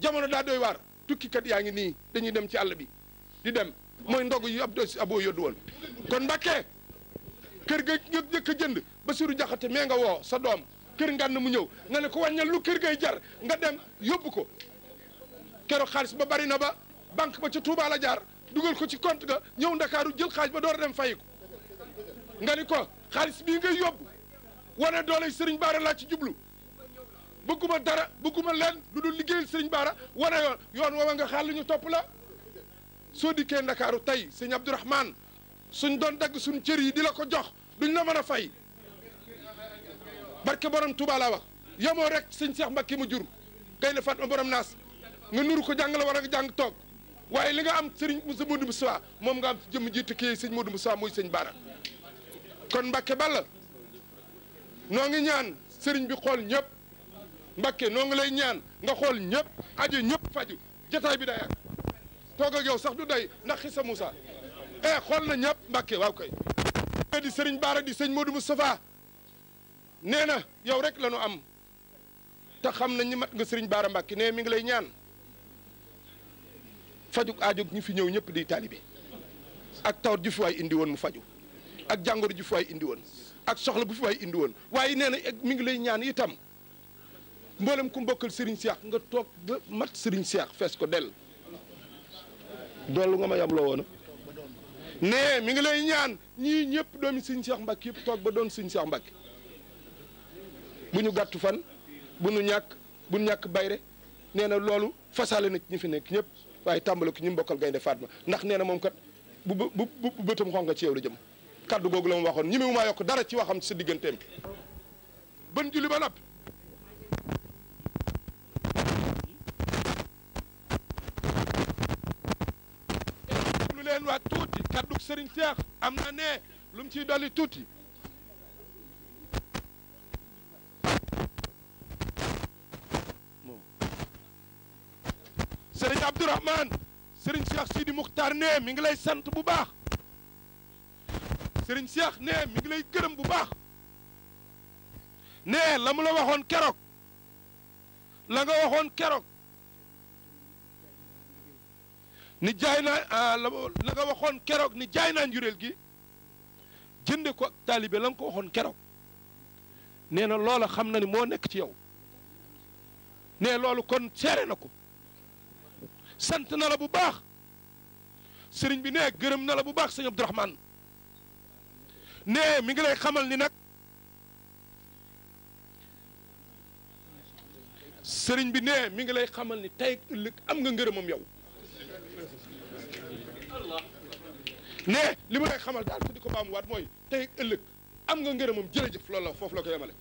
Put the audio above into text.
jamono daa doy waar tukkikat yaa ngi nii dañuy dem ci àll bi di dem mooy ndog yi ab si aboo yóddu kon Mbàkke kër ga nga njëkk a jënd Basiru Jaxate mee nga woo sa doom kër nga ngànn mu ñëw nga ne ko wàññal lu kër gay jar nga dem yóbbu ko keroog xaalis ba bari na ba banque ba ca Touba la jaar dugal ko ci compte ga ñëw ndakaaru jël xaalis ba door dem dem ko nga ni ko xaalis bii ngay yóbbu wane doole Sëriñ Baara laa ci jublu bëgguma dara bëgguma leen lu dul liggéeyal sëriñ Baara wane yoon yoon woowa nga xaar li ñu topp la soo dikkee Ndakaaru tey sëñ Abdourahman suñ doon dagg suñu cër yi dina ko jox duñ la mën a fay barke borom Touba laa wax yamoo rek sëñ Cheikh Mbacke mu jur kay ne Fatma borom naas nga nuru ko jàng la war a jàng toog waaye li nga am sëriñ Moussa Modou Moussa moom nga am jëm jiitu kii sëñ Modou Moussa muy sëñ Baara kon Mbacke Balla noo ngi ñaan sëriñ bi xool ñëpp. Mbàkke noo ngi lay ñaan nga xool ñëpp ajo ñëpp faju jotaay bi day ak toog sax du day ndax sa Moussa eh xool na ñëpp mbakke waaw kay di sëriñ Baara di sëñ Modou Moustapha nee na yow rek la ñu am te xam na ñi mat nga sëriñ Baara Mbàkke nee mi ngi lay ñaan fajug aajug ñi fi ñëw ñëpp di taalibe ak tawat ju fi waay indi woon mu faju ak jàngoro ju fi waay indi woon ak soxla bu fi waay indi woon waaye nee na mi ngi lay ñaan itam mboolem ku mbokkal sëriñ Cheikh nga toog ba mat sëriñ Cheikh fees ko dell doolu nga ma yam loo woona nee mi ngi lay ñaan ñii ñëpp doomi Serigne Cheikh Mbacke yëpp toog ba doon Serigne Cheikh Mbacke bu ñu gàttu fan bu ñu ñàkk bu ñu ñàkk bayre nee na loolu fasaale na ñi fi nekk ñëpp waaye tàmbale ko ñu mbokkal gaynde ma ndax nee na moom kat bu bëtam xonq nga ci yow la jëm kàddu googu la mu waxoon ñi mu maa yokk dara ci waxam ci sa digganteem ban julli ba noppi ngeen waat tuuti kaddug Serigne Cheikh am na ne lu mu ciy dolli tuuti sëriñ Abdourahmane Serigne Cheikh Sidi ne mi ngi lay sant bu baax sëriñ Cheikh nee mi ngi lay gërëm bu baax ne la mu la waxoon keroog la nga waxoon keroog ni jaay naa euh, la la waxoon keroog ni jaay naa njuréel gi jënde ko ak taalibe la ko waxoon keroog nee na loola xam na ni moo nekk ci yow ne loolu kon seere na ko sant na la bu baax sëriñ bi nee gërëm na la bu baax sëñ Abdourahmane nee mi ngi lay xamal ni nag sëriñ bi nee mi ngi lay xamal ni tey ëllëg am nga ngërëmam yow ne li ma lay xamal daal ko di ko baamuwaat mooy tey ëllëg am nga ngërëmam jël loolu la foofu la ko yemale